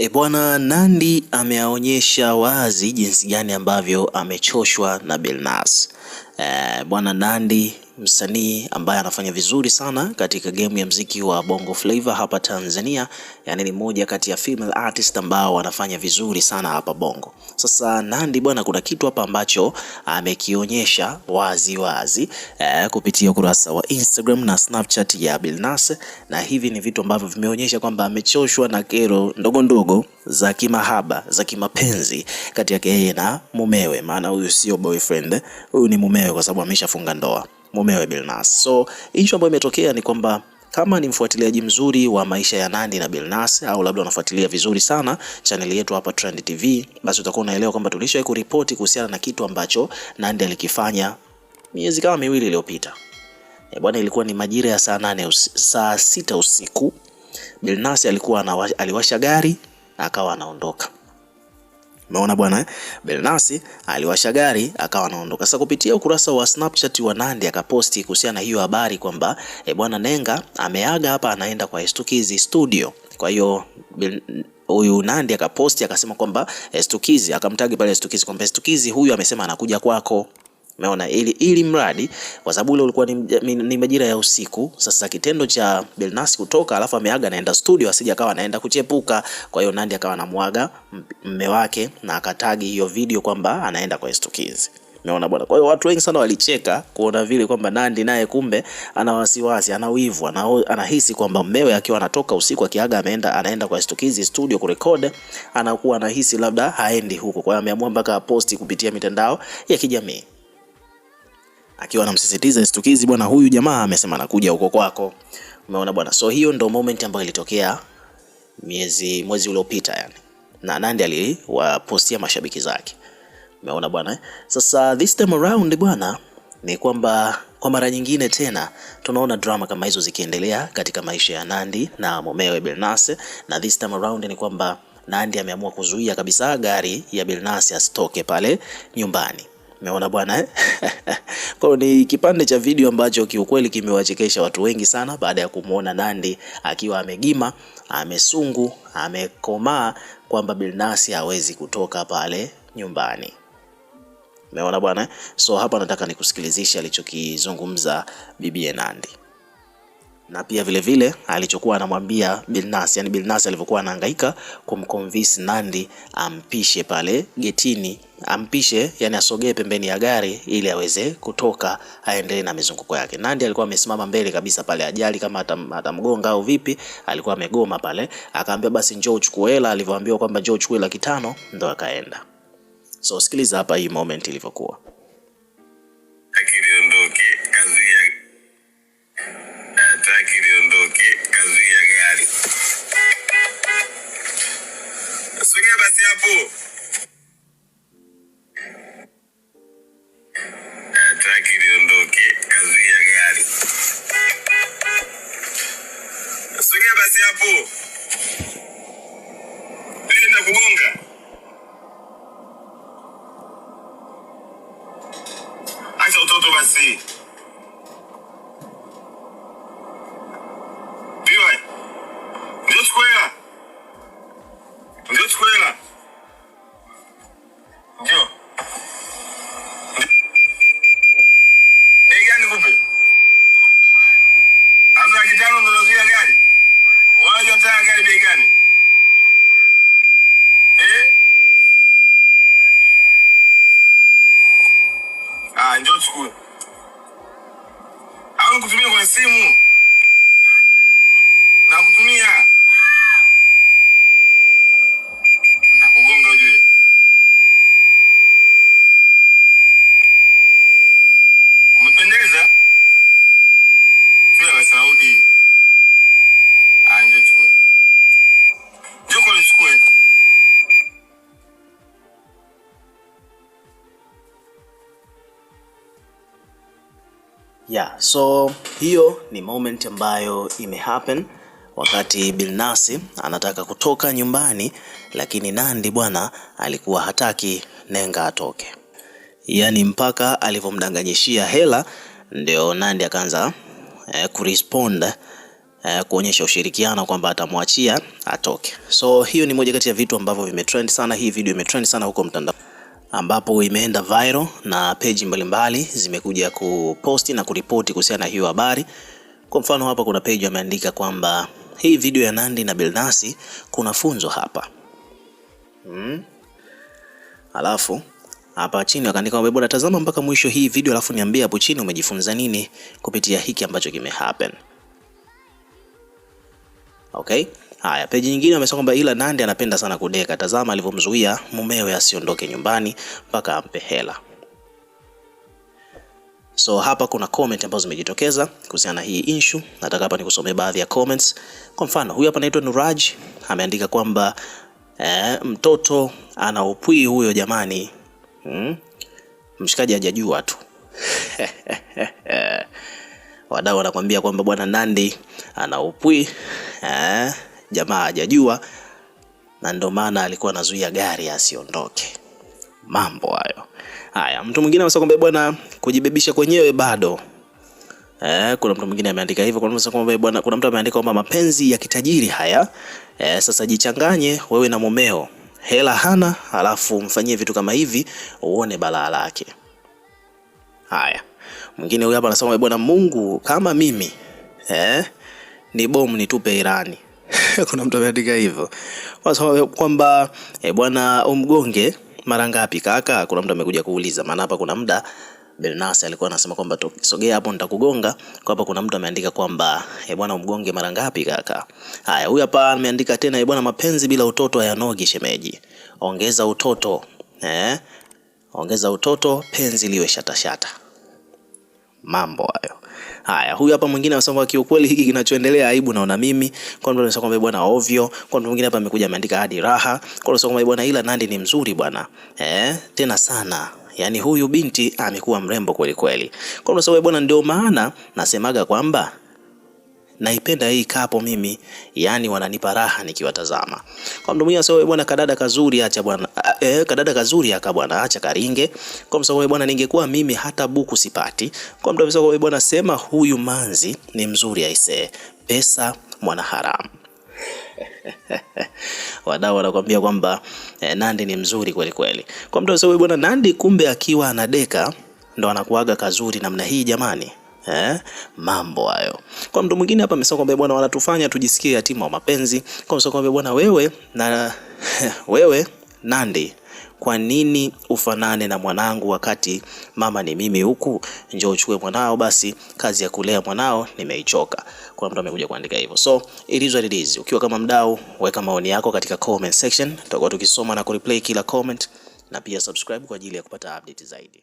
E bwana, Nandy ameaonyesha wazi jinsi gani ambavyo amechoshwa na Billnass. E, bwana Nandy msanii ambaye anafanya vizuri sana katika game ya mziki wa Bongo Flava hapa Tanzania, yani ni moja kati ya female artist ambao wanafanya vizuri sana hapa Bongo. Sasa Nandy bwana, kuna kitu hapa ambacho amekionyesha wazi wazi eh, kupitia ukurasa wa Instagram na Snapchat ya Billnass, na hivi ni vitu ambavyo vimeonyesha kwamba amechoshwa na kero ndogo ndogo za kimahaba za kimapenzi kati yake yeye na mumewe. Maana huyu sio boyfriend, huyu ni mumewe, kwa sababu ameshafunga ndoa mumewe Bilnas. So issue ambayo imetokea ni kwamba kama ni mfuatiliaji mzuri wa maisha ya nandi na Bilnas au labda unafuatilia vizuri sana chaneli yetu hapa Trend TV, basi utakuwa unaelewa kwamba tulishawahi kuripoti kuhusiana na kitu ambacho nandi alikifanya miezi kama miwili iliyopita. Bwana, ilikuwa ni majira ya saa nane saa sita usiku. Bilnas alikuwa anawa, aliwasha gari na akawa anaondoka. Umeona bwana eh? Belnasi aliwasha gari akawa anaondoka. Sasa kupitia ukurasa wa Snapchat wa Nandy akaposti kuhusiana na hiyo habari kwamba e, bwana Nenga ameaga hapa anaenda kwa Stukizi studio. Kwa hiyo huyu Nandy akaposti akasema kwamba estukizi akamtagi pale Stukizi kwamba Estukizi huyu amesema anakuja kwako. Umeona, ili ili mradi kwa sababu ile ulikuwa ni, ni, majira ya usiku. Sasa kitendo cha Belnas kutoka alafu ameaga anaenda studio asije akawa anaenda kuchepuka. Kwa hiyo Nandy akawa anamwaga mme wake na akatagi hiyo video kwamba anaenda kwa estukizi Umeona bwana. Kwa hiyo watu wengi sana walicheka kuona vile kwamba Nandy naye kumbe ana wasiwasi, ana wivu, anahisi kwamba mmewe akiwa anatoka usiku akiaga ameenda anaenda kwa Stukizi studio kurekodi, anakuwa anahisi labda haendi huko. Kwa hiyo ameamua mpaka aposti kupitia mitandao ya kijamii akiwa anamsisitiza stukizi, bwana huyu jamaa amesema anakuja huko kwako. Umeona bwana, so hiyo ndo moment ambayo ilitokea miezi mwezi uliopita yani, na Nandy aliwapostia mashabiki zake. Umeona bwana, eh? sasa this time around bwana ni kwamba kwa mara nyingine tena tunaona drama kama hizo zikiendelea katika maisha ya Nandy na mumewe Billnass, na this time around ni kwamba Nandy ameamua kuzuia kabisa gari ya Billnass asitoke pale nyumbani. Umeona bwana eh? Kwa ni kipande cha video ambacho kiukweli kimewachekesha watu wengi sana baada ya kumwona Nandy akiwa amegima, amesungu, amekomaa kwamba Billnass hawezi kutoka pale nyumbani. Umeona bwana eh? So hapa nataka nikusikilizishe alichokizungumza Bibi Nandy na pia vile vile alichokuwa anamwambia Bilnas, yani Bilnas alivyokuwa anahangaika kumconvince Nandi ampishe pale getini, ampishe yani asogee pembeni ya gari ili aweze kutoka aendelee na mizunguko yake. Nandi alikuwa amesimama mbele kabisa pale, ajali kama atamgonga au vipi, alikuwa amegoma pale. Akaambia basi njoo uchukue hela, alivyoambiwa kwamba njoo uchukue laki tano ndo akaenda. So sikiliza hapa hii moment ilivyokuwa. tudo vai ser. Yeah, so hiyo ni moment ambayo imehappen wakati bilnasi anataka kutoka nyumbani, lakini nandi bwana alikuwa hataki Nenga atoke, yaani mpaka alivyomdanganyishia hela ndio nandi akaanza eh, kurespond eh, kuonyesha ushirikiano kwamba atamwachia atoke. So hiyo ni moja kati ya vitu ambavyo vimetrend sana, hii video imetrend sana huko mtandao ambapo imeenda viral na peji mbalimbali zimekuja kuposti na kuripoti kuhusiana na hiyo habari. Kwa mfano hapa kuna peji ameandika kwamba hii video ya nandi na bilnasi kuna funzo hapa hmm. Alafu hapa chini wakaandika kwamba bwana, tazama mpaka mwisho hii video, alafu niambie hapo chini umejifunza nini kupitia hiki ambacho kimehappen. Okay. Haya, peji nyingine wamesema kwamba ila Nandy anapenda sana kudeka, tazama alivyomzuia mumewe asiondoke nyumbani mpaka ampe hela. So hapa kuna comment ambazo zimejitokeza kuhusiana na hii issue. Nataka hapa nikusomee baadhi ya comments. Kwa mfano, huyu hapa anaitwa Nuraj ameandika kwamba eh, mtoto ana upwi huyo jamani, hmm? Mshikaji hajajua tu wadau wanakuambia kwamba bwana Nandy ana upwi eh? jamaa hajajua na ndio maana alikuwa anazuia gari asiondoke. Mambo hayo haya. Mtu mwingine anasema kwamba bwana, kujibebisha kwenyewe bado Eh, kuna mtu mwingine ameandika hivyo. Kuna mtu kwamba bwana, kuna mtu ameandika kwamba mapenzi ya kitajiri haya. Eh, sasa jichanganye wewe na mumeo, hela hana, alafu mfanyie vitu kama hivi, uone balaa lake. Haya, mwingine huyu hapa anasema bwana, Mungu kama mimi eh, ni bomu nitupe Irani. kuna mtu ameandika hivyo kwamba e, bwana umgonge mara ngapi kaka? Kuna mtu amekuja kuuliza, maana hapa kuna muda Belnas alikuwa anasema kwamba sogea hapo nitakugonga. Kwa hapa kuna mtu ameandika kwamba e bwana umgonge mara ngapi kaka? Haya, huyu hapa ameandika tena, e bwana, mapenzi bila utoto hayanogi shemeji, ongeza utoto eh, ongeza utoto, penzi liwe shatashata. Mambo hayo. Haya, huyu hapa mwingine anasema kiukweli hiki kinachoendelea aibu naona mimi. Kwa ndio anasema kwamba bwana ovyo. Kwa ndio mwingine hapa amekuja ameandika hadi raha. Kwa ndio anasema kwamba bwana ila Nandy ni mzuri bwana. Eh, tena sana. Yaani huyu binti amekuwa mrembo kweli kweli. Kwa ndio anasema bwana ndio maana nasemaga kwamba naipenda hii kapo mimi, yani wananipa raha nikiwatazama. Kwa mdomo mwingine asema bwana kadada kazuri acha bwana eh, eh kadada kazuri aka bwana acha karinge. Kwa msema bwana, ningekuwa mimi hata buku sipati. Kwa mdomo amesema bwana, sema huyu manzi ni mzuri aisee, pesa mwana haramu wadau wanakuambia kwamba eh, Nandi ni mzuri kweli kweli. Kwa mdomo mtu bwana, Nandi kumbe akiwa anadeka ndo anakuaga kazuri namna hii jamani. Eh, mambo hayo. Kwa mtu mwingine hapa amesema kwamba bwana, wanatufanya tujisikie yatima wa mapenzi. Kwa msoko kwamba bwana, wewe na wewe Nandy, kwa nini ufanane na mwanangu wakati mama ni mimi huku? Njoo uchukue mwanao basi, kazi ya kulea mwanao nimeichoka. Kwa mtu amekuja kuandika hivyo, so it is what it is. Ukiwa kama mdau, weka maoni yako katika comment section, tutakuwa tukisoma na kureplay kila comment, na pia subscribe kwa ajili ya kupata update zaidi.